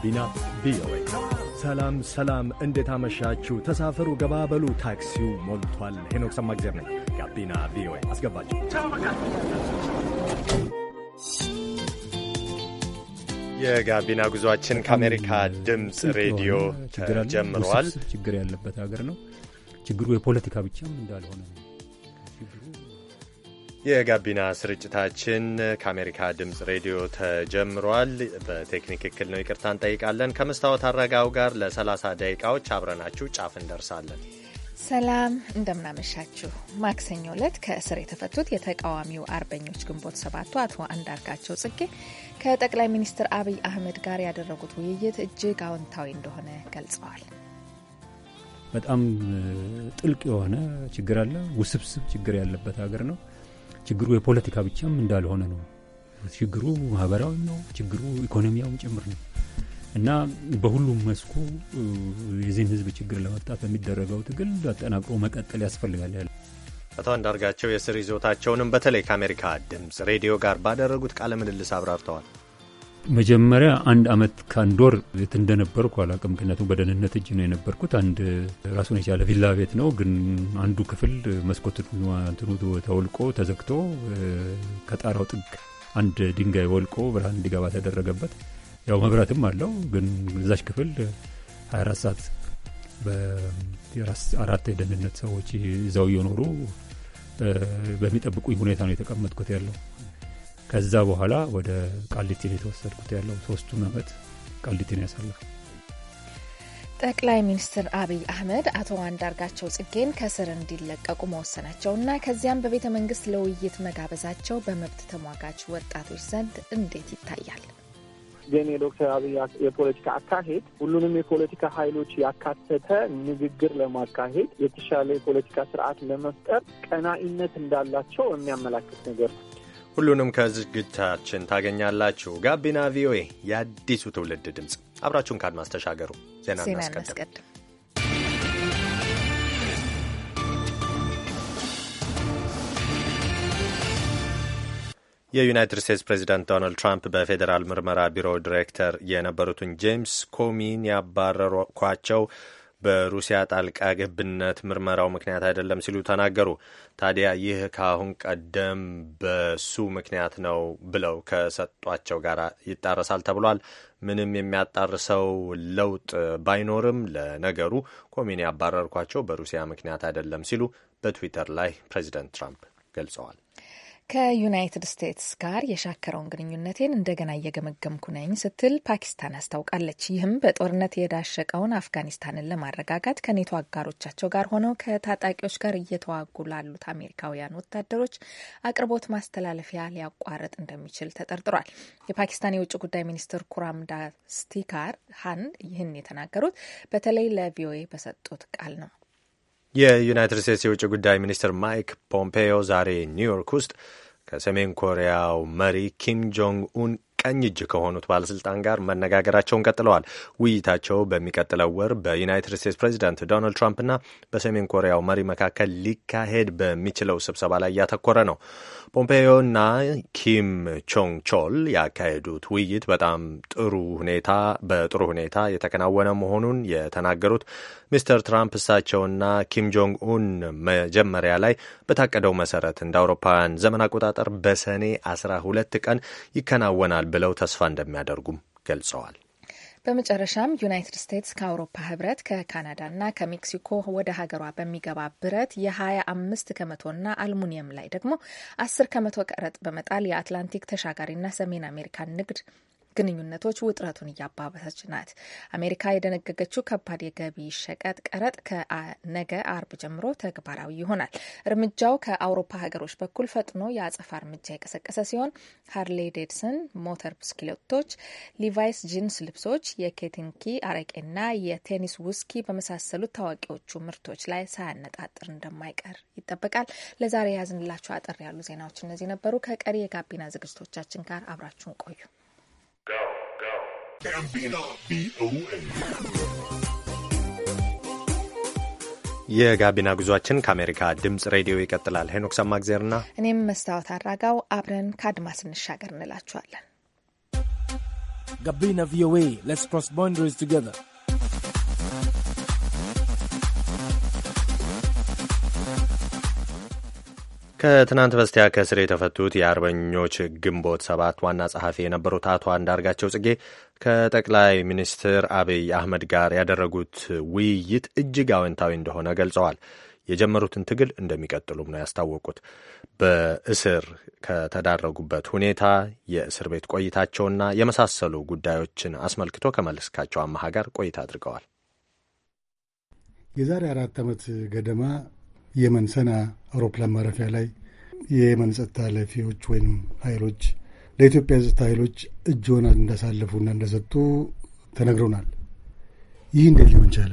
ጋቢና ቪኦኤ። ሰላም ሰላም፣ እንዴት አመሻችሁ? ተሳፈሩ፣ ገባበሉ፣ ታክሲው ሞልቷል። ሄኖክ ሰማግዜር ነኝ። ጋቢና ቪኦኤ አስገባችሁ። የጋቢና ጉዟችን ከአሜሪካ ድምፅ ሬዲዮ ተጀምሯል። ችግር ያለበት ሀገር ነው። ችግሩ የፖለቲካ ብቻም እንዳልሆነ የጋቢና ስርጭታችን ከአሜሪካ ድምፅ ሬዲዮ ተጀምሯል። በቴክኒክ እክል ነው፣ ይቅርታ እንጠይቃለን። ከመስታወት አረጋው ጋር ለ30 ደቂቃዎች አብረናችሁ ጫፍ እንደርሳለን። ሰላም እንደምናመሻችሁ። ማክሰኞ ዕለት ከእስር የተፈቱት የተቃዋሚው አርበኞች ግንቦት ሰባቱ አቶ አንዳርጋቸው ጽጌ ከጠቅላይ ሚኒስትር አብይ አህመድ ጋር ያደረጉት ውይይት እጅግ አዎንታዊ እንደሆነ ገልጸዋል። በጣም ጥልቅ የሆነ ችግር አለ። ውስብስብ ችግር ያለበት ሀገር ነው ችግሩ የፖለቲካ ብቻም እንዳልሆነ ነው። ችግሩ ማህበራዊ ነው። ችግሩ ኢኮኖሚያዊ ጭምር ነው እና በሁሉም መስኩ የዚህን ህዝብ ችግር ለመፍታት በሚደረገው ትግል አጠናቅሮ መቀጠል ያስፈልጋል ያለ አቶ አንዳርጋቸው የስር ይዞታቸውንም በተለይ ከአሜሪካ ድምፅ ሬዲዮ ጋር ባደረጉት ቃለ ምልልስ አብራርተዋል። መጀመሪያ አንድ አመት ከአንድ ወር የት እንደነበርኩ አላውቅም። ምክንያቱም በደህንነት እጅ ነው የነበርኩት። አንድ ራሱን የቻለ ቪላ ቤት ነው፣ ግን አንዱ ክፍል መስኮት እንትኑ ተወልቆ ተዘግቶ ከጣራው ጥግ አንድ ድንጋይ ወልቆ ብርሃን እንዲገባ ተደረገበት። ያው መብራትም አለው፣ ግን እዛች ክፍል 24 ሰዓት አራት የደህንነት ሰዎች እዛው እየኖሩ በሚጠብቁኝ ሁኔታ ነው የተቀመጥኩት ያለው ከዛ በኋላ ወደ ቃሊቲን የተወሰድኩት ያለው ሶስቱን አመት ቃሊቲን ያሳለፍ ጠቅላይ ሚኒስትር አብይ አህመድ አቶ አንዳርጋቸው ጽጌን ከስር እንዲለቀቁ መወሰናቸውና ከዚያም በቤተ መንግስት ለውይይት መጋበዛቸው በመብት ተሟጋች ወጣቶች ዘንድ እንዴት ይታያል? ግን የዶክተር አብይ የፖለቲካ አካሄድ ሁሉንም የፖለቲካ ኃይሎች ያካተተ ንግግር ለማካሄድ የተሻለ የፖለቲካ ስርዓት ለመፍጠር ቀናኢነት እንዳላቸው የሚያመላክት ነገር ነው። ሁሉንም ከዝግጅታችን ታገኛላችሁ። ጋቢና ቪኦኤ የአዲሱ ትውልድ ድምፅ፣ አብራችሁን ካድማስ ተሻገሩ። ዜና እናስቀድም። የዩናይትድ ስቴትስ ፕሬዚዳንት ዶናልድ ትራምፕ በፌዴራል ምርመራ ቢሮ ዲሬክተር የነበሩትን ጄምስ ኮሚን ያባረሯቸው በሩሲያ ጣልቃ ገብነት ምርመራው ምክንያት አይደለም ሲሉ ተናገሩ። ታዲያ ይህ ከአሁን ቀደም በሱ ምክንያት ነው ብለው ከሰጧቸው ጋር ይጣረሳል ተብሏል። ምንም የሚያጣርሰው ለውጥ ባይኖርም ለነገሩ ኮሚኒ ያባረርኳቸው በሩሲያ ምክንያት አይደለም ሲሉ በትዊተር ላይ ፕሬዚደንት ትራምፕ ገልጸዋል። ከዩናይትድ ስቴትስ ጋር የሻከረውን ግንኙነቴን እንደገና እየገመገምኩ ነኝ ስትል ፓኪስታን አስታውቃለች። ይህም በጦርነት የዳሸቀውን አፍጋኒስታንን ለማረጋጋት ከኔቶ አጋሮቻቸው ጋር ሆነው ከታጣቂዎች ጋር እየተዋጉ ላሉት አሜሪካውያን ወታደሮች አቅርቦት ማስተላለፊያ ሊያቋርጥ እንደሚችል ተጠርጥሯል። የፓኪስታን የውጭ ጉዳይ ሚኒስትር ኩራም ዳስቲካር ሀን ይህን የተናገሩት በተለይ ለቪኦኤ በሰጡት ቃል ነው። የዩናይትድ ስቴትስ የውጭ ጉዳይ ሚኒስትር ማይክ ፖምፔዮ ዛሬ ኒውዮርክ ውስጥ ከሰሜን ኮሪያው መሪ ኪም ጆንግ ኡን ቀኝ እጅ ከሆኑት ባለስልጣን ጋር መነጋገራቸውን ቀጥለዋል። ውይይታቸው በሚቀጥለው ወር በዩናይትድ ስቴትስ ፕሬዚዳንት ዶናልድ ትራምፕና በሰሜን ኮሪያው መሪ መካከል ሊካሄድ በሚችለው ስብሰባ ላይ ያተኮረ ነው። ፖምፔዮና ኪም ቾንግ ቾል ያካሄዱት ውይይት በጣም ጥሩ ሁኔታ በጥሩ ሁኔታ የተከናወነ መሆኑን የተናገሩት ሚስተር ትራምፕ እሳቸውና ኪም ጆንግ ኡን መጀመሪያ ላይ በታቀደው መሰረት እንደ አውሮፓውያን ዘመን አቆጣጠር በሰኔ 12 ቀን ይከናወናል ብለው ተስፋ እንደሚያደርጉም ገልጸዋል። በመጨረሻም ዩናይትድ ስቴትስ ከአውሮፓ ህብረት ከካናዳና ከሜክሲኮ ወደ ሀገሯ በሚገባ ብረት የ25 ከመቶና አልሙኒየም ላይ ደግሞ 10 ከመቶ ቀረጥ በመጣል የአትላንቲክ ተሻጋሪና ሰሜን አሜሪካን ንግድ ግንኙነቶች ውጥረቱን እያባበሰች ናት። አሜሪካ የደነገገችው ከባድ የገቢ ሸቀጥ ቀረጥ ከነገ አርብ ጀምሮ ተግባራዊ ይሆናል። እርምጃው ከአውሮፓ ሀገሮች በኩል ፈጥኖ የአጸፋ እርምጃ የቀሰቀሰ ሲሆን ሃርሌ ዴድሰን ሞተር ብስክሌቶች፣ ሊቫይስ ጂንስ ልብሶች፣ የኬቲንኪ አረቄና የቴኒስ ውስኪ በመሳሰሉት ታዋቂዎቹ ምርቶች ላይ ሳያነጣጥር እንደማይቀር ይጠበቃል። ለዛሬ ያዝንላችሁ አጠር ያሉ ዜናዎች እነዚህ ነበሩ። ከቀሪ የጋቢና ዝግጅቶቻችን ጋር አብራችሁን ቆዩ። ጋቢና ቪኦኤ የጋቢና ጉዟችን ከአሜሪካ ድምጽ ሬዲዮ ይቀጥላል። ሄኖክ ሰማግዜርና እኔም መስታወት አራጋው አብረን ከአድማስ እንሻገር እንላችኋለን። ጋቢና ቪኦኤ ሌትስ ክሮስ ባውንደሪስ ቱጌዘር ከትናንት በስቲያ ከእስር የተፈቱት የአርበኞች ግንቦት ሰባት ዋና ጸሐፊ የነበሩት አቶ አንዳርጋቸው ጽጌ ከጠቅላይ ሚኒስትር አብይ አህመድ ጋር ያደረጉት ውይይት እጅግ አዎንታዊ እንደሆነ ገልጸዋል። የጀመሩትን ትግል እንደሚቀጥሉም ነው ያስታወቁት። በእስር ከተዳረጉበት ሁኔታ፣ የእስር ቤት ቆይታቸውና የመሳሰሉ ጉዳዮችን አስመልክቶ ከመለስካቸው አመሃ ጋር ቆይታ አድርገዋል። የዛሬ አራት ዓመት ገደማ የመን ሰና አውሮፕላን ማረፊያ ላይ የየመን ጸጥታ ኃላፊዎች ወይም ኃይሎች ለኢትዮጵያ ጸጥታ ኃይሎች እጅሆን ሆና እንዳሳለፉና እንደሰጡ ተነግረውናል። ይህ እንዴት ሊሆን ቻለ?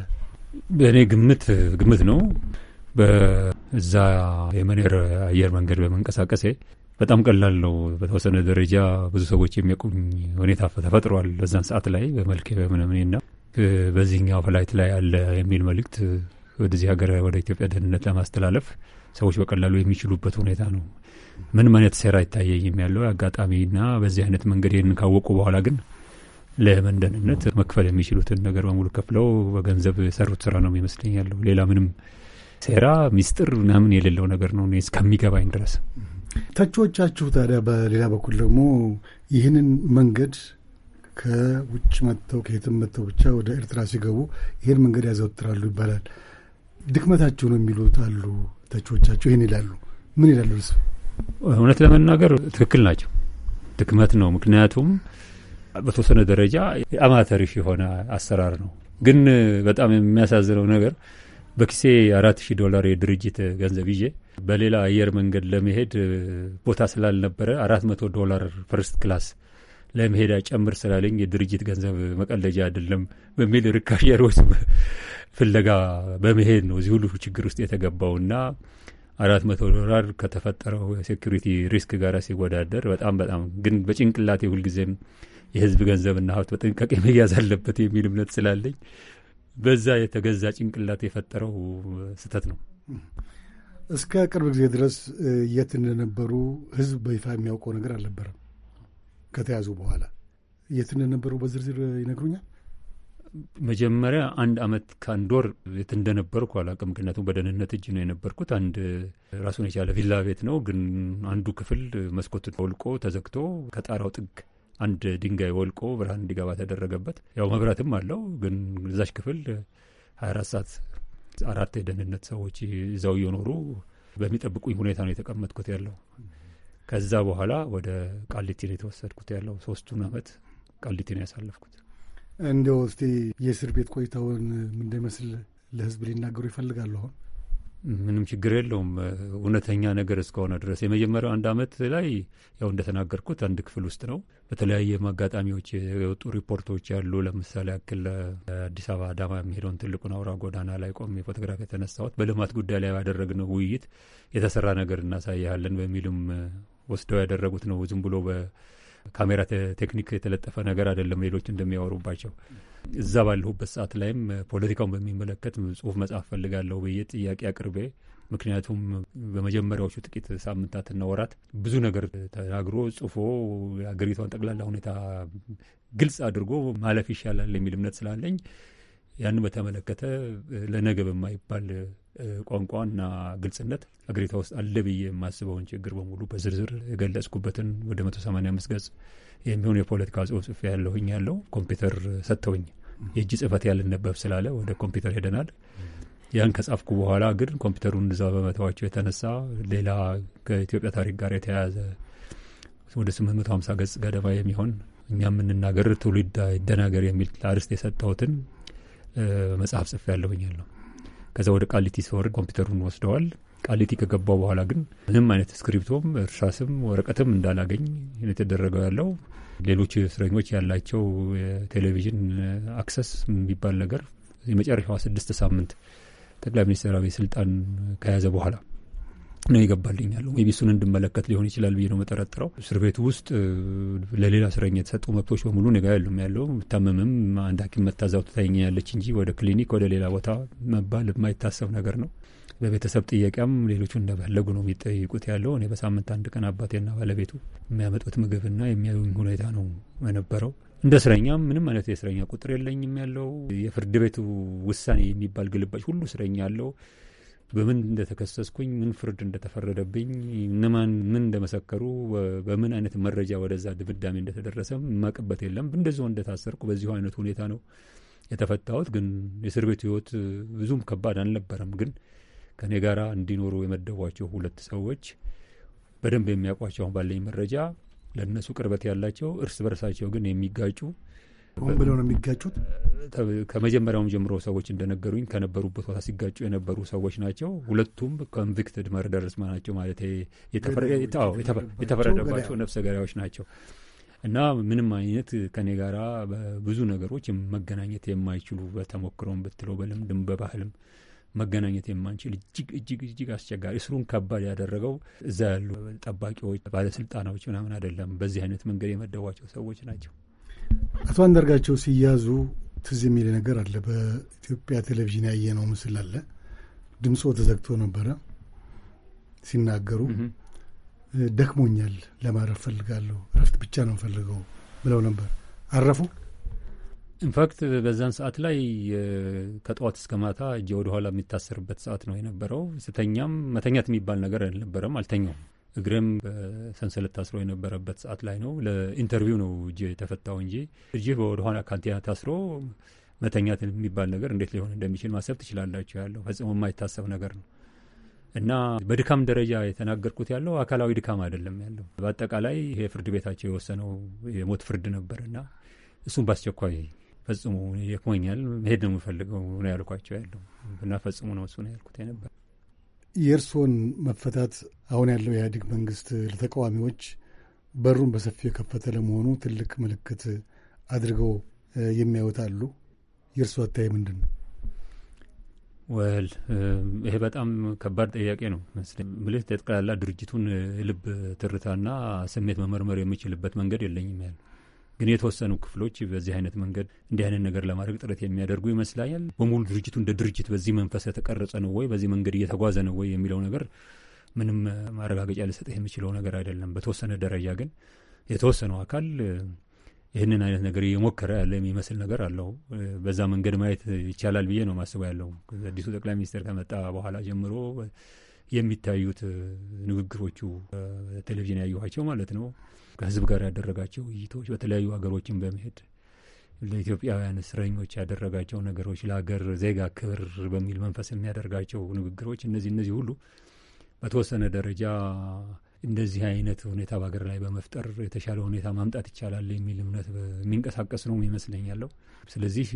በእኔ ግምት ግምት ነው። በዛ የመኔር አየር መንገድ በመንቀሳቀሴ በጣም ቀላል ነው። በተወሰነ ደረጃ ብዙ ሰዎች የሚያውቁኝ ሁኔታ ተፈጥሯል። በዛን ሰዓት ላይ በመልክ በምንምኔና በዚህኛው ፍላይት ላይ አለ የሚል መልእክት ወደዚህ ሀገር ወደ ኢትዮጵያ ደህንነት ለማስተላለፍ ሰዎች በቀላሉ የሚችሉበት ሁኔታ ነው። ምን አይነት ሴራ ይታየኝም ያለው አጋጣሚና በዚህ አይነት መንገድ ይህንን ካወቁ በኋላ ግን ለየመን ደህንነት መክፈል የሚችሉትን ነገር በሙሉ ከፍለው በገንዘብ የሰሩት ስራ ነው የሚመስለኝ ያለው ሌላ ምንም ሴራ ሚስጥር ምናምን የሌለው ነገር ነው እስከሚገባኝ ድረስ። ተቺዎቻችሁ ታዲያ በሌላ በኩል ደግሞ ይህንን መንገድ ከውጭ መጥተው ከየትም መጥተው ብቻ ወደ ኤርትራ ሲገቡ ይህን መንገድ ያዘወትራሉ ይባላል። ድክመታቸው ነው የሚሉት አሉ ተቾቻቸው። ይህን ይላሉ። ምን ይላሉ እርስ? እውነት ለመናገር ትክክል ናቸው። ድክመት ነው። ምክንያቱም በተወሰነ ደረጃ አማተሪሽ የሆነ አሰራር ነው። ግን በጣም የሚያሳዝነው ነገር በኪሴ አራት ሺህ ዶላር የድርጅት ገንዘብ ይዤ በሌላ አየር መንገድ ለመሄድ ቦታ ስላልነበረ አራት መቶ ዶላር ፈርስት ክላስ ለመሄድ ጨምር ስላለኝ የድርጅት ገንዘብ መቀለጃ አይደለም በሚል ርካሽ የሮዝ ፍለጋ በመሄድ ነው እዚህ ሁሉ ችግር ውስጥ የተገባውና አራት መቶ ዶላር ከተፈጠረው የሴኩሪቲ ሪስክ ጋር ሲወዳደር በጣም በጣም ግን በጭንቅላቴ ሁልጊዜም የህዝብ ገንዘብና ሀብት በጥንቃቄ መያዝ አለበት የሚል እምነት ስላለኝ በዛ የተገዛ ጭንቅላት የፈጠረው ስህተት ነው። እስከ ቅርብ ጊዜ ድረስ የት እንደነበሩ ህዝብ በይፋ የሚያውቀው ነገር አልነበረም። ከተያዙ በኋላ የት እንደነበሩ በዝርዝር ይነግሩኛል? መጀመሪያ አንድ አመት ከአንድ ወር የት እንደነበርኩ አላቅም። ምክንያቱም በደህንነት እጅ ነው የነበርኩት። አንድ ራሱን የቻለ ቪላ ቤት ነው፣ ግን አንዱ ክፍል መስኮት ወልቆ ተዘግቶ ከጣራው ጥግ አንድ ድንጋይ ወልቆ ብርሃን እንዲገባ ተደረገበት። ያው መብራትም አለው፣ ግን እዛች ክፍል 24 ሰዓት አራት የደህንነት ሰዎች እዛው እየኖሩ በሚጠብቁኝ ሁኔታ ነው የተቀመጥኩት ያለው። ከዛ በኋላ ወደ ቃሊቲ ነው የተወሰድኩት። ያለው ሶስቱን አመት ቃሊቲ ነው ያሳለፍኩት። እንዲያው እስቲ የእስር ቤት ቆይታውን ምን እንደሚመስል ለህዝብ ሊናገሩ ይፈልጋሉ? አሁን ምንም ችግር የለውም እውነተኛ ነገር እስከሆነ ድረስ። የመጀመሪያው አንድ አመት ላይ ያው እንደተናገርኩት አንድ ክፍል ውስጥ ነው። በተለያየ አጋጣሚዎች የወጡ ሪፖርቶች ያሉ። ለምሳሌ ያክል አዲስ አበባ አዳማ የሚሄደውን ትልቁን አውራ ጎዳና ላይ ቆም የፎቶግራፍ የተነሳሁት በልማት ጉዳይ ላይ ባደረግነው ውይይት የተሰራ ነገር እናሳያለን በሚልም ወስደው ያደረጉት ነው። ዝም ብሎ በካሜራ ቴክኒክ የተለጠፈ ነገር አይደለም። ሌሎች እንደሚያወሩባቸው እዛ ባለሁበት ሰዓት ላይም ፖለቲካውን በሚመለከት ጽሁፍ መጽሐፍ ፈልጋለሁ ብዬ ጥያቄ አቅርቤ ምክንያቱም በመጀመሪያዎቹ ጥቂት ሳምንታትና ወራት ብዙ ነገር ተናግሮ ጽፎ የሀገሪቷን ጠቅላላ ሁኔታ ግልጽ አድርጎ ማለፍ ይሻላል የሚል እምነት ስላለኝ ያን በተመለከተ ለነገ በማይባል ቋንቋና ግልጽነት አገሪቷ ውስጥ አለ ብዬ የማስበውን ችግር በሙሉ በዝርዝር የገለጽኩበትን ወደ አምስት ገጽ የሚሆን የፖለቲካ ጽሁፍ ጽፌ ያለሁኝ ያለው ኮምፒውተር ሰጥተውኝ የእጅ ጽህፈት ያልነበብ ስላለ ወደ ኮምፒውተር ሄደናል። ያን ከጻፍኩ በኋላ ግን ኮምፒውተሩን እዛ በመተዋቸው የተነሳ ሌላ ከኢትዮጵያ ታሪክ ጋር የተያያዘ ወደ ሀምሳ ገጽ ገደማ የሚሆን እኛ የምንናገር ትውልድ ይደናገር የሚል አርዕስት የሰጠሁትን መጽሐፍ ጽፌ ያለሁኝ ያለው ከዛ ወደ ቃሊቲ ሲወርድ ኮምፒውተሩን ወስደዋል። ቃሊቲ ከገባው በኋላ ግን ምንም አይነት እስክሪፕቶም እርሳስም ወረቀትም እንዳላገኝ የተደረገው ያለው ሌሎች እስረኞች ያላቸው የቴሌቪዥን አክሰስ የሚባል ነገር የመጨረሻዋ ስድስት ሳምንት ጠቅላይ ሚኒስትራዊ ስልጣን ከያዘ በኋላ ነው ይገባልኛል ወይ ቢሱን እንድመለከት ሊሆን ይችላል ብዬ ነው መጠረጥረው። እስር ቤቱ ውስጥ ለሌላ እስረኛ የተሰጡ መብቶች በሙሉ ነጋ ያሉም ያለው ታመምም አንድ ሐኪም መታዛው ትታኘኛለች እንጂ ወደ ክሊኒክ ወደ ሌላ ቦታ መባል የማይታሰብ ነገር ነው። በቤተሰብ ጥያቄም ሌሎቹ እንደፈለጉ ነው የሚጠይቁት ያለው። እኔ በሳምንት አንድ ቀን አባቴና ባለቤቱ የሚያመጡት ምግብና የሚያዩኝ ሁኔታ ነው የነበረው። እንደ እስረኛም ምንም አይነት የእስረኛ ቁጥር የለኝም ያለው። የፍርድ ቤቱ ውሳኔ የሚባል ግልባጭ ሁሉ እስረኛ አለው። በምን እንደተከሰስኩኝ፣ ምን ፍርድ እንደተፈረደብኝ፣ እነማን ምን እንደመሰከሩ፣ በምን አይነት መረጃ ወደዛ ድምዳሜ እንደተደረሰ ማቅበት የለም። እንደዚሁ እንደታሰርኩ በዚሁ አይነት ሁኔታ ነው የተፈታሁት። ግን የእስር ቤቱ ህይወት ብዙም ከባድ አልነበረም። ግን ከእኔ ጋር እንዲኖሩ የመደቧቸው ሁለት ሰዎች በደንብ የሚያውቋቸው አሁን ባለኝ መረጃ ለእነሱ ቅርበት ያላቸው እርስ በርሳቸው ግን የሚጋጩ ሆን ብለው ነው የሚጋጩት። ከመጀመሪያውም ጀምሮ ሰዎች እንደነገሩኝ ከነበሩበት ቦታ ሲጋጩ የነበሩ ሰዎች ናቸው። ሁለቱም ኮንቪክትድ መርደርስ ናቸው ማለት የተፈረደባቸው ነፍሰ ገዳዮች ናቸው እና ምንም አይነት ከኔ ጋር በብዙ ነገሮች መገናኘት የማይችሉ በተሞክሮም ብትለው በልምድም በባህልም መገናኘት የማንችል እጅግ እጅግ እጅግ አስቸጋሪ እስሩን ከባድ ያደረገው እዛ ያሉ ጠባቂዎች፣ ባለስልጣናዎች ምናምን አይደለም። በዚህ አይነት መንገድ የመደቧቸው ሰዎች ናቸው። አቶ አንዳርጋቸው ሲያዙ ትዝ የሚል ነገር አለ። በኢትዮጵያ ቴሌቪዥን ያየነው ምስል አለ። ድምፆ ተዘግቶ ነበረ ሲናገሩ ደክሞኛል፣ ለማረፍ ፈልጋለሁ፣ እረፍት ብቻ ነው ፈልገው ብለው ነበር። አረፉ። ኢንፋክት በዛን ሰዓት ላይ ከጠዋት እስከ ማታ እጄ ወደኋላ የሚታሰርበት ሰዓት ነው የነበረው። ስተኛም መተኛት የሚባል ነገር አልነበረም። አልተኛውም እግሬም በሰንሰለት ታስሮ የነበረበት ሰዓት ላይ ነው። ለኢንተርቪው ነው እጅ የተፈታው እንጂ እጅ ወደኋላ ካንቲና ታስሮ መተኛት የሚባል ነገር እንዴት ሊሆን እንደሚችል ማሰብ ትችላላችሁ። ያለው ፈጽሞ የማይታሰብ ነገር ነው እና በድካም ደረጃ የተናገርኩት ያለው አካላዊ ድካም አይደለም ያለው በአጠቃላይ ይሄ ፍርድ ቤታቸው የወሰነው የሞት ፍርድ ነበር እና እሱም በአስቸኳይ ፈጽሙ የኮኛል መሄድ ነው የምፈልገው ነው ያልኳቸው ያለው እና ፈጽሙ ነው እሱ ነው ያልኩት ነበር። የእርስዎን መፈታት አሁን ያለው የኢህአዴግ መንግስት ለተቃዋሚዎች በሩን በሰፊው የከፈተ ለመሆኑ ትልቅ ምልክት አድርገው የሚያዩት አሉ። የእርስዎ አታይ ምንድን ነው? ወል ይሄ በጣም ከባድ ጥያቄ ነው መስለኝ። ምልህ ጠቅላላ ድርጅቱን ልብ ትርታና ስሜት መመርመር የሚችልበት መንገድ የለኝም ያለ ግን የተወሰኑ ክፍሎች በዚህ አይነት መንገድ እንዲህ አይነት ነገር ለማድረግ ጥረት የሚያደርጉ ይመስላል። በሙሉ ድርጅቱ እንደ ድርጅት በዚህ መንፈስ የተቀረጸ ነው ወይ፣ በዚህ መንገድ እየተጓዘ ነው ወይ የሚለው ነገር ምንም ማረጋገጫ ልሰጥህ የሚችለው ነገር አይደለም። በተወሰነ ደረጃ ግን የተወሰነው አካል ይህንን አይነት ነገር እየሞከረ ያለ የሚመስል ነገር አለው። በዛ መንገድ ማየት ይቻላል ብዬ ነው ማስበው። ያለው አዲሱ ጠቅላይ ሚኒስትር ከመጣ በኋላ ጀምሮ የሚታዩት ንግግሮቹ ቴሌቪዥን ያየኋቸው ማለት ነው ከህዝብ ጋር ያደረጋቸው ውይይቶች፣ በተለያዩ ሀገሮችን በመሄድ ለኢትዮጵያውያን እስረኞች ያደረጋቸው ነገሮች፣ ለሀገር ዜጋ ክብር በሚል መንፈስ የሚያደርጋቸው ንግግሮች፣ እነዚህ እነዚህ ሁሉ በተወሰነ ደረጃ እንደዚህ አይነት ሁኔታ በሀገር ላይ በመፍጠር የተሻለ ሁኔታ ማምጣት ይቻላል የሚል እምነት የሚንቀሳቀስ ነው ይመስለኝ ያለው። ስለዚህ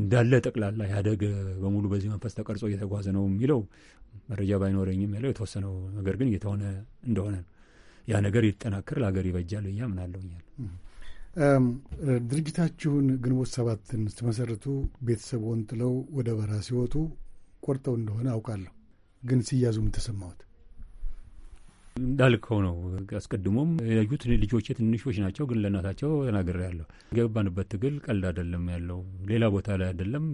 እንዳለ ጠቅላላ ያደግ በሙሉ በዚህ መንፈስ ተቀርጾ እየተጓዘ ነው የሚለው መረጃ ባይኖረኝም ያለው የተወሰነው ነገር ግን እየተሆነ እንደሆነ ነው። ያ ነገር ይጠናከር፣ ለሀገር ይበጃል ብዬ አምናለሁ። ድርጅታችሁን ግንቦት ሰባትን ስትመሰርቱ ቤተሰቦን ጥለው ወደ በረሃ ሲወጡ ቆርጠው እንደሆነ አውቃለሁ። ግን ሲያዙ ምን ተሰማሁት? እንዳልከው ነው። አስቀድሞም ያዩት ልጆቼ ትንሾች ናቸው፣ ግን ለእናታቸው ተናግሬያለሁ። የገባንበት ትግል ቀልድ አይደለም ያለው ሌላ ቦታ ላይ አይደለም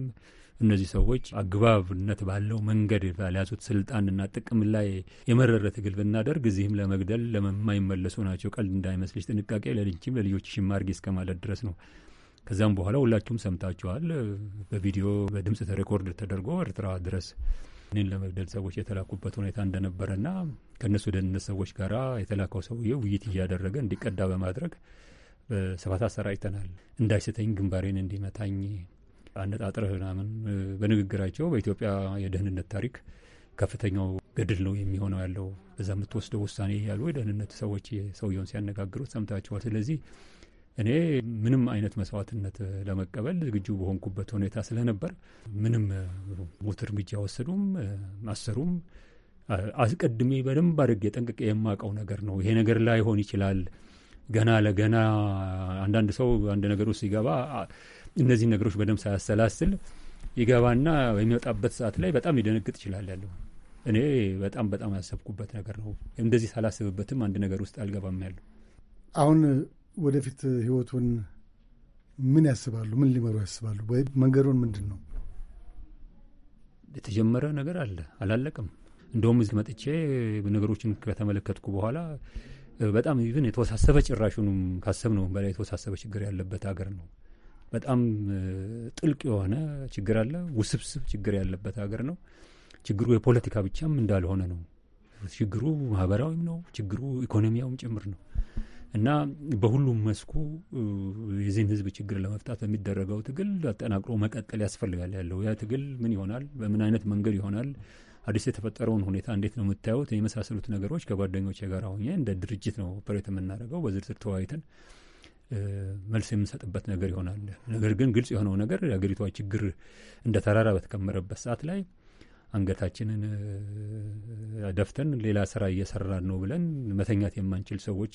እነዚህ ሰዎች አግባብነት ባለው መንገድ ባልያዙት ስልጣንና ጥቅም ላይ የመረረ ትግል ብናደርግ እዚህም ለመግደል ለማይመለሱ ናቸው። ቀልድ እንዳይመስልሽ ጥንቃቄ ለልጅም ለልጆች ሽማርጊ እስከ ማለት ድረስ ነው። ከዛም በኋላ ሁላችሁም ሰምታችኋል። በቪዲዮ በድምፅ ሬኮርድ ተደርጎ ኤርትራ ድረስ እኔን ለመግደል ሰዎች የተላኩበት ሁኔታ እንደነበረና ከእነሱ ደህንነት ሰዎች ጋር የተላከው ሰውዬ ውይይት እያደረገ እንዲቀዳ በማድረግ በስፋት አሰራጭተናል። እንዳይስተኝ ግንባሬን እንዲመታኝ አነጣጥረህ ምናምን በንግግራቸው በኢትዮጵያ የደህንነት ታሪክ ከፍተኛው ገድል ነው የሚሆነው ያለው በዛ የምትወስደው ውሳኔ ያሉ የደህንነት ሰዎች ሰውየውን ሲያነጋግሩት ሰምታችኋል። ስለዚህ እኔ ምንም አይነት መስዋዕትነት ለመቀበል ዝግጁ በሆንኩበት ሁኔታ ስለነበር ምንም ሞት እርምጃ ወሰዱም አሰሩም። አስቀድሜ በደንብ አድርጌ ጠንቅቄ የማውቀው ነገር ነው። ይሄ ነገር ላይሆን ይችላል ገና ለገና አንዳንድ ሰው አንድ ነገር ውስጥ ሲገባ እነዚህ ነገሮች በደንብ ሳያሰላስል ይገባና የሚወጣበት ሰዓት ላይ በጣም ሊደነግጥ ይችላል። ያለው እኔ በጣም በጣም ያሰብኩበት ነገር ነው። እንደዚህ ሳላስብበትም አንድ ነገር ውስጥ አልገባም ያሉ አሁን ወደፊት ህይወቱን ምን ያስባሉ? ምን ሊመሩ ያስባሉ? ወይ መንገዱን ምንድን ነው? የተጀመረ ነገር አለ፣ አላለቅም። እንደውም እዚህ መጥቼ ነገሮችን ከተመለከትኩ በኋላ በጣም ኢቭን የተወሳሰበ ጭራሹንም ነው በላይ የተወሳሰበ ችግር ያለበት ሀገር ነው በጣም ጥልቅ የሆነ ችግር አለ። ውስብስብ ችግር ያለበት ሀገር ነው። ችግሩ የፖለቲካ ብቻም እንዳልሆነ ነው። ችግሩ ማህበራዊም ነው። ችግሩ ኢኮኖሚያውም ጭምር ነው እና በሁሉም መስኩ የዚህን ህዝብ ችግር ለመፍታት የሚደረገው ትግል አጠናቅሮ መቀጠል ያስፈልጋል። ያለው ያ ትግል ምን ይሆናል? በምን አይነት መንገድ ይሆናል? አዲስ የተፈጠረውን ሁኔታ እንዴት ነው የምታዩት? የመሳሰሉት ነገሮች ከጓደኞች ጋር ሆኜ እንደ ድርጅት ነው ኦፐሬት የምናደርገው በዝርዝር ተወያይተን መልስ የምንሰጥበት ነገር ይሆናል። ነገር ግን ግልጽ የሆነው ነገር የአገሪቷ ችግር እንደ ተራራ በተከመረበት ሰዓት ላይ አንገታችንን ደፍተን ሌላ ስራ እየሰራን ነው ብለን መተኛት የማንችል ሰዎች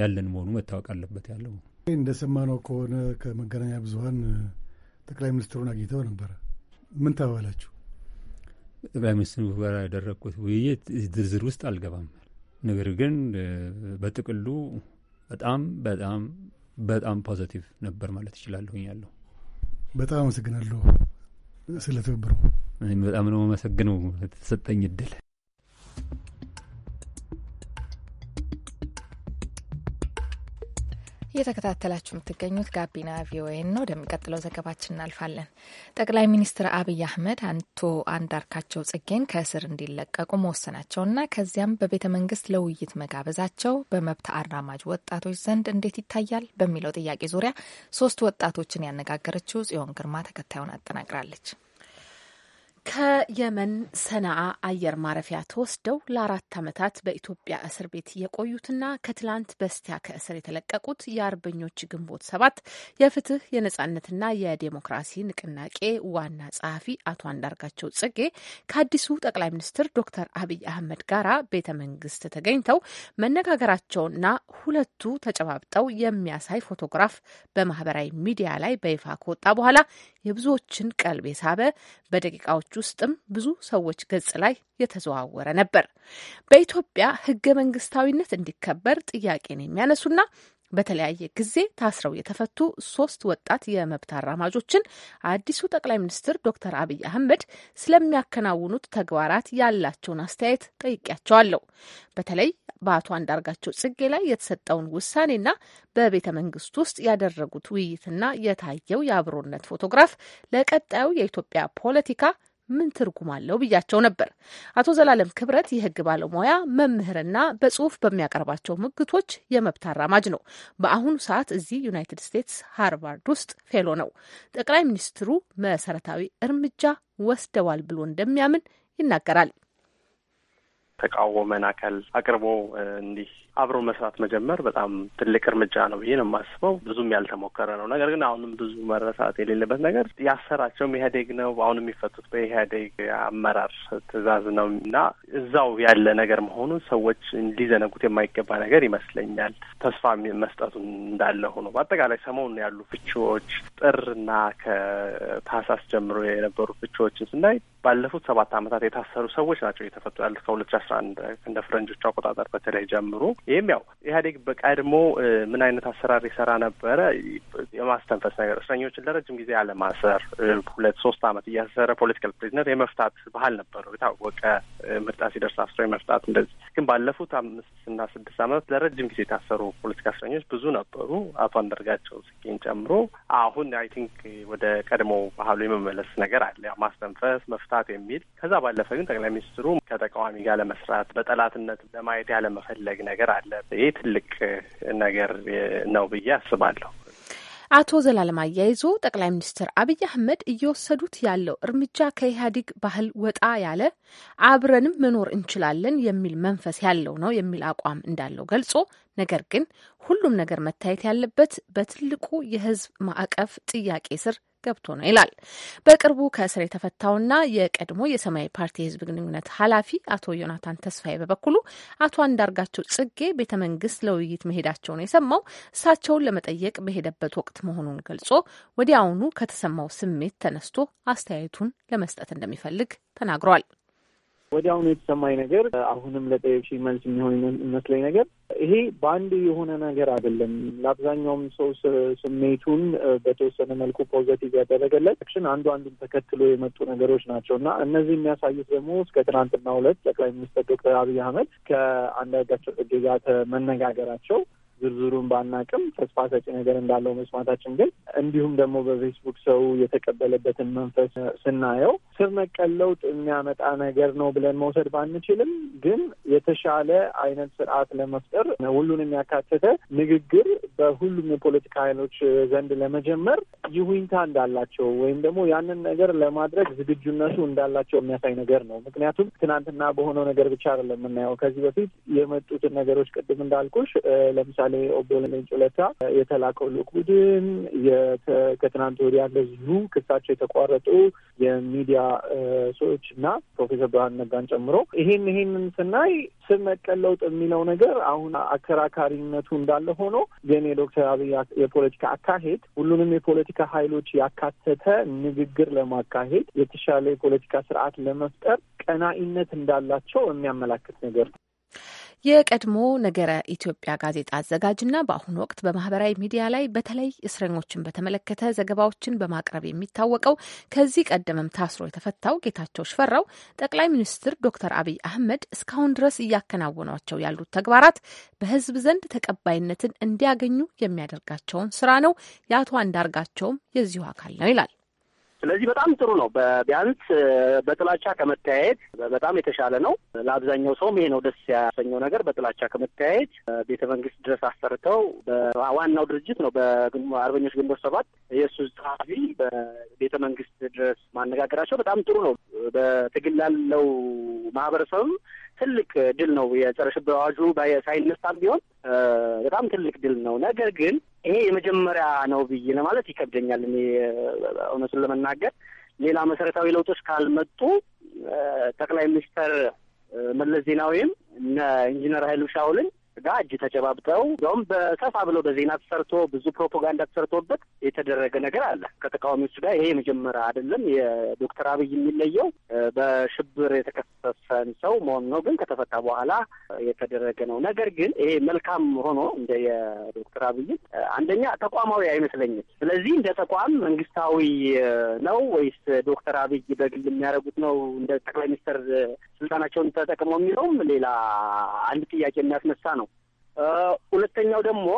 ያለን መሆኑ መታወቅ አለበት። ያለው እንደሰማነው ከሆነ ከመገናኛ ብዙኃን ጠቅላይ ሚኒስትሩን አግኝተው ነበረ። ምን ታባላችሁ? ጠቅላይ ሚኒስትሩ ጋር ያደረግኩት ውይይት ዝርዝር ውስጥ አልገባም። ነገር ግን በጥቅሉ በጣም በጣም በጣም ፖዘቲቭ ነበር ማለት ይችላለሁኝ። ያለው በጣም አመሰግናለሁ ስለ ትብብሩ። በጣም ነው አመሰግነው ተሰጠኝ እድል። እየተከታተላችሁ የምትገኙት ጋቢና ቪኦኤን ነው። ወደሚቀጥለው ዘገባችን እናልፋለን። ጠቅላይ ሚኒስትር አብይ አህመድ አቶ አንዳርካቸው ጽጌን ከእስር እንዲለቀቁ መወሰናቸውና ከዚያም በቤተ መንግስት ለውይይት መጋበዛቸው በመብት አራማጅ ወጣቶች ዘንድ እንዴት ይታያል በሚለው ጥያቄ ዙሪያ ሶስት ወጣቶችን ያነጋገረችው ጽዮን ግርማ ተከታዩን አጠናቅራለች። ከየመን ሰነአ አየር ማረፊያ ተወስደው ለአራት ዓመታት በኢትዮጵያ እስር ቤት የቆዩትና ከትላንት በስቲያ ከእስር የተለቀቁት የአርበኞች ግንቦት ሰባት የፍትህ የነጻነትና የዴሞክራሲ ንቅናቄ ዋና ጸሐፊ አቶ አንዳርጋቸው ጽጌ ከአዲሱ ጠቅላይ ሚኒስትር ዶክተር አብይ አህመድ ጋራ ቤተ መንግስት ተገኝተው መነጋገራቸውና ሁለቱ ተጨባብጠው የሚያሳይ ፎቶግራፍ በማህበራዊ ሚዲያ ላይ በይፋ ከወጣ በኋላ የብዙዎችን ቀልብ የሳበ በደቂቃዎች ጋዜጦች ውስጥም ብዙ ሰዎች ገጽ ላይ የተዘዋወረ ነበር። በኢትዮጵያ ህገ መንግስታዊነት እንዲከበር ጥያቄን የሚያነሱና በተለያየ ጊዜ ታስረው የተፈቱ ሶስት ወጣት የመብት አራማጆችን አዲሱ ጠቅላይ ሚኒስትር ዶክተር አብይ አህመድ ስለሚያከናውኑት ተግባራት ያላቸውን አስተያየት ጠይቄያቸዋለሁ። በተለይ በአቶ አንዳርጋቸው ጽጌ ላይ የተሰጠውን ውሳኔና በቤተ መንግስት ውስጥ ያደረጉት ውይይትና የታየው የአብሮነት ፎቶግራፍ ለቀጣዩ የኢትዮጵያ ፖለቲካ ምን ትርጉም አለው ብያቸው ነበር። አቶ ዘላለም ክብረት የህግ ባለሙያ መምህርና በጽሁፍ በሚያቀርባቸው ምግቶች የመብት አራማጅ ነው። በአሁኑ ሰዓት እዚህ ዩናይትድ ስቴትስ ሃርቫርድ ውስጥ ፌሎ ነው። ጠቅላይ ሚኒስትሩ መሰረታዊ እርምጃ ወስደዋል ብሎ እንደሚያምን ይናገራል። ተቃወመን አካል አቅርቦ እንዲህ አብሮ መስራት መጀመር በጣም ትልቅ እርምጃ ነው ብዬ ነው የማስበው። ብዙም ያልተሞከረ ነው። ነገር ግን አሁንም ብዙ መረሳት የሌለበት ነገር ያሰራቸውም ኢህአዴግ ነው። አሁን የሚፈቱት በኢህአዴግ አመራር ትዕዛዝ ነው እና እዛው ያለ ነገር መሆኑን ሰዎች እንዲዘነጉት የማይገባ ነገር ይመስለኛል። ተስፋ መስጠቱን እንዳለ ሆኖ በአጠቃላይ ሰሞኑን ያሉ ፍቺዎች ጥርና ከታህሳስ ጀምሮ የነበሩ ፍቺዎችን ስናይ ባለፉት ሰባት ዓመታት የታሰሩ ሰዎች ናቸው እየተፈቱ ያሉት ከሁለት ሺ አስራ አንድ እንደ ፈረንጆቹ አቆጣጠር በተለይ ጀምሮ ይህም ያው ኢህአዴግ በቀድሞ ምን አይነት አሰራር ይሰራ ነበረ? የማስተንፈስ ነገር እስረኞችን ለረጅም ጊዜ አለማሰር፣ ሁለት ሶስት አመት እያሰረ ፖለቲካል ፕሪዝነር የመፍታት ባህል ነበረው የታወቀ ምርጫ ሲደርስ አስሮ የመፍታት እንደዚህ። ግን ባለፉት አምስት እና ስድስት አመት ለረጅም ጊዜ የታሰሩ ፖለቲካ እስረኞች ብዙ ነበሩ፣ አቶ አንደርጋቸው ጽጌን ጨምሮ። አሁን አይ ቲንክ ወደ ቀድሞ ባህሉ የመመለስ ነገር አለ፣ ያው ማስተንፈስ መፍታት የሚል ከዛ ባለፈ ግን ጠቅላይ ሚኒስትሩ ከተቃዋሚ ጋር ለመስራት በጠላትነት ለማየት ያለመፈለግ ነገር ነገር አለ። ይህ ትልቅ ነገር ነው ብዬ አስባለሁ። አቶ ዘላለም አያይዞ ጠቅላይ ሚኒስትር አብይ አህመድ እየወሰዱት ያለው እርምጃ ከኢህአዴግ ባህል ወጣ ያለ አብረንም መኖር እንችላለን የሚል መንፈስ ያለው ነው የሚል አቋም እንዳለው ገልጾ ነገር ግን ሁሉም ነገር መታየት ያለበት በትልቁ የህዝብ ማዕቀፍ ጥያቄ ስር ገብቶ ነው ይላል። በቅርቡ ከእስር የተፈታውና የቀድሞ የሰማያዊ ፓርቲ የህዝብ ግንኙነት ኃላፊ አቶ ዮናታን ተስፋዬ በበኩሉ አቶ አንዳርጋቸው ጽጌ ቤተ መንግስት ለውይይት መሄዳቸውን የሰማው እሳቸውን ለመጠየቅ በሄደበት ወቅት መሆኑን ገልጾ ወዲያውኑ ከተሰማው ስሜት ተነስቶ አስተያየቱን ለመስጠት እንደሚፈልግ ተናግሯል። ወዲያውኑ የተሰማኝ ነገር አሁንም ለጠየቅሽ መልስ የሚሆን ይመስለኝ ነገር ይሄ በአንድ የሆነ ነገር አይደለም። ለአብዛኛውም ሰው ስሜቱን በተወሰነ መልኩ ፖዘቲቭ ያደረገለት ክሽን አንዱ አንዱን ተከትሎ የመጡ ነገሮች ናቸው እና እነዚህ የሚያሳዩት ደግሞ እስከ ትናንትና ሁለት ጠቅላይ ሚኒስትር ዶክተር አብይ አህመድ ከአንዳርጋቸው ጽጌ ጋር መነጋገራቸው ዝርዝሩን ባናቅም ተስፋ ሰጪ ነገር እንዳለው መስማታችን ግን እንዲሁም ደግሞ በፌስቡክ ሰው የተቀበለበትን መንፈስ ስናየው ስር ነቀል ለውጥ የሚያመጣ ነገር ነው ብለን መውሰድ ባንችልም ግን የተሻለ አይነት ስርዓት ለመፍጠር ሁሉን የሚያካተተ ንግግር በሁሉም የፖለቲካ ኃይሎች ዘንድ ለመጀመር ይሁኝታ እንዳላቸው ወይም ደግሞ ያንን ነገር ለማድረግ ዝግጁነቱ እንዳላቸው የሚያሳይ ነገር ነው። ምክንያቱም ትናንትና በሆነው ነገር ብቻ አይደለም የምናየው። ከዚህ በፊት የመጡትን ነገሮች ቅድም እንዳልኩሽ ለምሳሌ ለምሳሌ ኦቦ ለሜንጮለታ የተላከው ልዑክ ቡድን ከትናንት ወዲያ እንደዚሁ ክሳቸው የተቋረጡ የሚዲያ ሰዎች እና ፕሮፌሰር ብርሃን ነጋን ጨምሮ ይሄን ይሄንን ስናይ ስር ነቀል ለውጥ የሚለው ነገር አሁን አከራካሪነቱ እንዳለ ሆኖ ግን የዶክተር አብይ የፖለቲካ አካሄድ ሁሉንም የፖለቲካ ኃይሎች ያካተተ ንግግር ለማካሄድ የተሻለ የፖለቲካ ስርዓት ለመፍጠር ቀናኢነት እንዳላቸው የሚያመላክት ነገር ነው። የቀድሞ ነገረ ኢትዮጵያ ጋዜጣ አዘጋጅና በአሁኑ ወቅት በማህበራዊ ሚዲያ ላይ በተለይ እስረኞችን በተመለከተ ዘገባዎችን በማቅረብ የሚታወቀው ከዚህ ቀደምም ታስሮ የተፈታው ጌታቸው ሽፈራው ጠቅላይ ሚኒስትር ዶክተር አብይ አህመድ እስካሁን ድረስ እያከናወኗቸው ያሉት ተግባራት በህዝብ ዘንድ ተቀባይነትን እንዲያገኙ የሚያደርጋቸውን ስራ ነው። የአቶ አንዳርጋቸውም የዚሁ አካል ነው ይላል። ስለዚህ በጣም ጥሩ ነው። ቢያንስ በጥላቻ ከመተያየት በጣም የተሻለ ነው። ለአብዛኛው ሰውም ይሄ ነው ደስ ያሰኘው ነገር። በጥላቻ ከመተያየት ቤተ መንግስት ድረስ አሰርተው በዋናው ድርጅት ነው በአርበኞች ግንቦት ሰባት የእሱ ጸሐፊ በቤተ መንግስት ድረስ ማነጋገራቸው በጣም ጥሩ ነው። በትግል ላለው ማህበረሰብም ትልቅ ድል ነው። የጸረ ሽብር አዋጁ ሳይነሳም ቢሆን በጣም ትልቅ ድል ነው። ነገር ግን ይሄ የመጀመሪያ ነው ብዬ ለማለት ይከብደኛል። እኔ እውነቱን ለመናገር ሌላ መሰረታዊ ለውጦች ካልመጡ ጠቅላይ ሚኒስተር መለስ ዜናዊም እነ ኢንጂነር ኃይሉ ሻውልን ጋር እጅ ተጨባብጠው እንዲሁም በሰፋ ብለው በዜና ተሰርቶ ብዙ ፕሮፓጋንዳ ተሰርቶበት የተደረገ ነገር አለ። ከተቃዋሚዎቹ ጋር ይሄ የመጀመሪያ አይደለም። የዶክተር አብይ የሚለየው በሽብር የተከሰሰን ሰው መሆኑ ነው፣ ግን ከተፈታ በኋላ የተደረገ ነው። ነገር ግን ይሄ መልካም ሆኖ እንደ የዶክተር አብይ አንደኛ ተቋማዊ አይመስለኝም። ስለዚህ እንደ ተቋም መንግስታዊ ነው ወይስ ዶክተር አብይ በግል የሚያደርጉት ነው እንደ ጠቅላይ ሚኒስትር ስልጣናቸውን ተጠቅመው የሚለውም ሌላ አንድ ጥያቄ የሚያስነሳ ነው። ሁለተኛው ደግሞ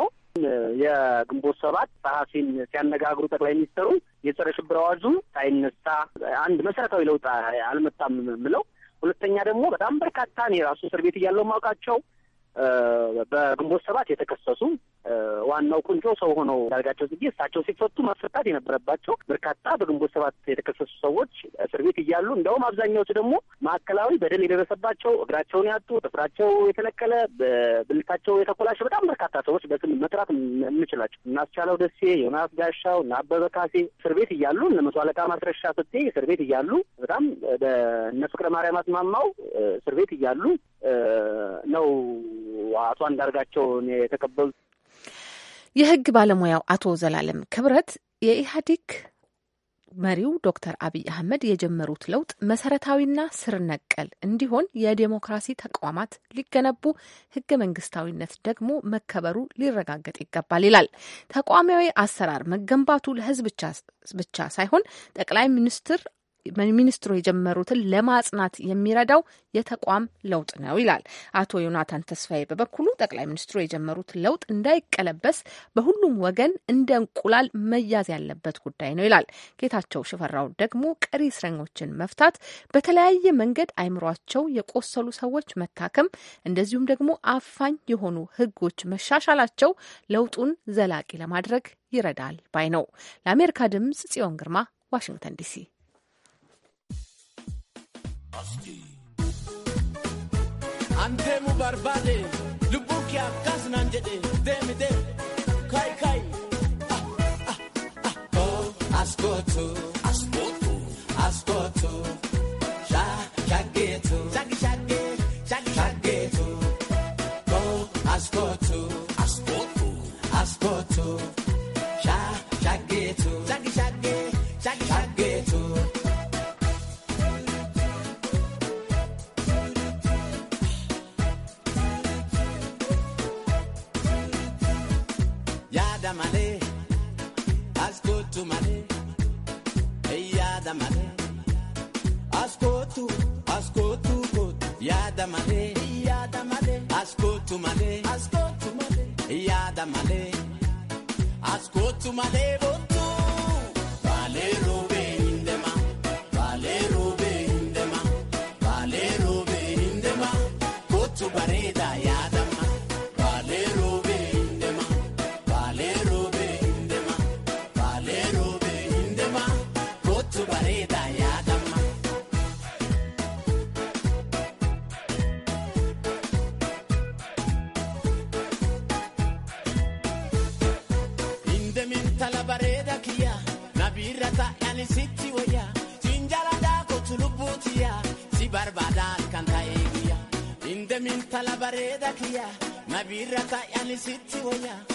የግንቦት ሰባት ጸሐፊን ሲያነጋግሩ ጠቅላይ ሚኒስትሩ የጸረ ሽብር አዋጁ ሳይነሳ አንድ መሰረታዊ ለውጥ አልመጣም ምለው፣ ሁለተኛ ደግሞ በጣም በርካታ እኔ ራሱ እስር ቤት እያለው ማውቃቸው በግንቦት ሰባት የተከሰሱ ዋናው ቁንጮ ሰው ሆነው አንዳርጋቸው ጽጌ እሳቸው ሲፈቱ ማስፈታት የነበረባቸው በርካታ በግንቦት ሰባት የተከሰሱ ሰዎች እስር ቤት እያሉ እንደውም አብዛኛዎቹ ደግሞ ማዕከላዊ በደል የደረሰባቸው እግራቸውን ያጡ፣ ጥፍራቸው የተነቀለ፣ ብልታቸው የተኮላሸ በጣም በርካታ ሰዎች በስም መጥራት የምችላቸው እናስቻለው ደሴ፣ ዮናስ ጋሻው፣ እና አበበ ካሴ እስር ቤት እያሉ እነ መቶ አለቃ ማስረሻ ስቴ እስር ቤት እያሉ በጣም እነ ፍቅረ ማርያም አስማማው እስር ቤት እያሉ ነው አቶ አንዳርጋቸው የተቀበሉት። የህግ ባለሙያው አቶ ዘላለም ክብረት የኢህአዴግ መሪው ዶክተር አብይ አህመድ የጀመሩት ለውጥ መሰረታዊና ስር ነቀል እንዲሆን የዴሞክራሲ ተቋማት ሊገነቡ ህገ መንግስታዊነት ደግሞ መከበሩ ሊረጋገጥ ይገባል ይላል። ተቋማዊ አሰራር መገንባቱ ለህዝብ ብቻ ሳይሆን ጠቅላይ ሚኒስትር ሚኒስትሩ የጀመሩትን ለማጽናት የሚረዳው የተቋም ለውጥ ነው ይላል። አቶ ዮናታን ተስፋዬ በበኩሉ ጠቅላይ ሚኒስትሩ የጀመሩት ለውጥ እንዳይቀለበስ በሁሉም ወገን እንደ እንቁላል መያዝ ያለበት ጉዳይ ነው ይላል። ጌታቸው ሽፈራው ደግሞ ቀሪ እስረኞችን መፍታት፣ በተለያየ መንገድ አይምሯቸው የቆሰሉ ሰዎች መታከም፣ እንደዚሁም ደግሞ አፋኝ የሆኑ ሕጎች መሻሻላቸው ለውጡን ዘላቂ ለማድረግ ይረዳል ባይ ነው። ለአሜሪካ ድምጽ ጽዮን ግርማ ዋሽንግተን ዲሲ Anteemu barbaade lubbuu kee akkas naan jedhe deemi deemi kayi kayi. Ah, ah, ah. oh, ascolto, ascolto, ascolto, già, già ghetto. Già bareeda kiyya na biirra kaayyaani sitti wayyaa.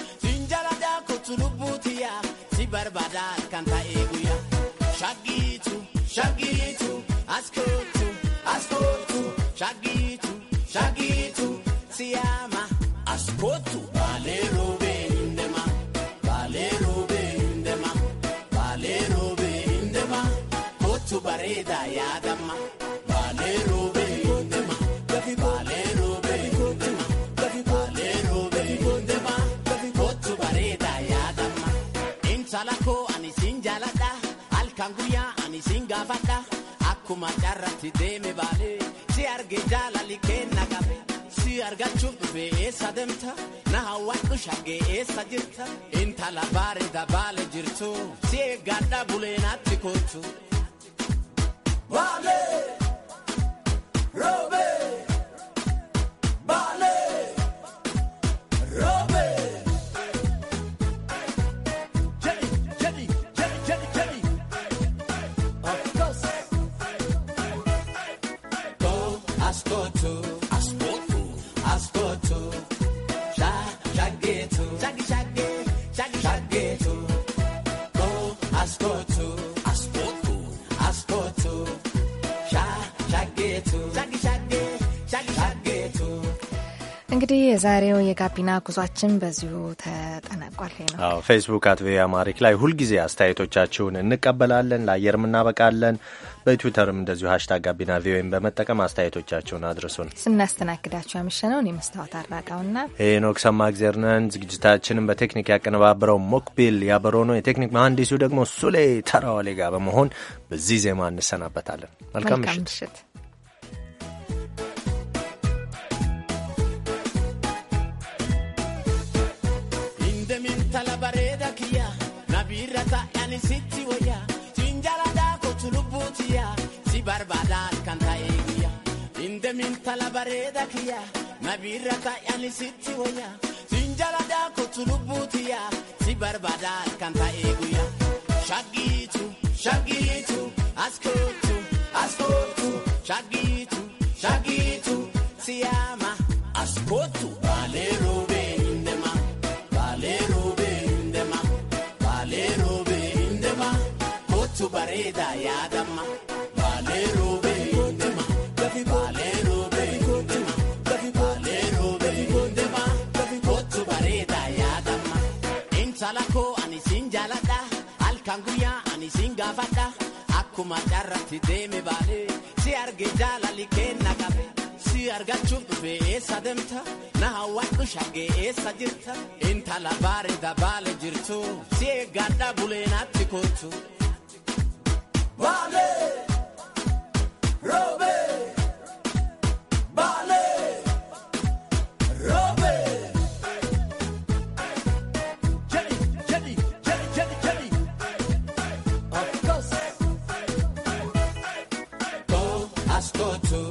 kan guyyaa ani siin gaafadha akkuma carratti deeme baalee si arge jaalali kenna qabe si argachuuf dhufe eessa deemta na hawwadhu shaggee eessa jirta intala baare dabaale jirtu si eeggadha buleenatti kootu. Baalee! የዛሬው የጋቢና ጉዟችን በዚሁ ተጠናቋል። ነው ፌስቡክ አት ቪኦኤ አማሪክ ላይ ሁልጊዜ አስተያየቶቻችሁን እንቀበላለን፣ ለአየርም እናበቃለን። በትዊተርም እንደዚሁ ሀሽታግ ጋቢና ቪኦኤን በመጠቀም አስተያየቶቻችሁን አድርሱን። ስናስተናግዳችሁ ያመሸነው የመስታወት መስታወት አራጋውና ሄኖክ ሰማእግዜር ነን። ዝግጅታችንን በቴክኒክ ያቀነባብረው ሞክቢል ያበሮ ነው። የቴክኒክ መሀንዲሱ ደግሞ ሱሌ ተራዋሌ ጋር በመሆን በዚህ ዜማ እንሰናበታለን። መልካም ምሽት። tala bareeda kia, nabirra ta'ani sitti wayya sinjaladhaa kotu lubbuutiyya si barbaadaas kan ta'ee kiyya indemin tala bareeda kiyya nabirra ta'ani sitti wayya sinjaladhaa kotu lubbuutiyya si barbaadaas kan ta'ee kiyya shagiitu shagiitu askootu askootu shagiitu shagiitu siyaama askootu baaleeru. baachuu bareeda yaadama. Baalee roobee deema. Baalee roobee deema. Baalee roobee deema. Kootu ani siin jaaladha. Halkan guyyaa ani gaafadha. Akkuma carratti deeme baalee si arge jaalali keenna qabe. Si argachuuf dhufee eessa demta Na hawwaadhu shagee eessa jirta? Intala bareeda baala jirtu. Si eeggadha bulee naatti kootu. pastor too.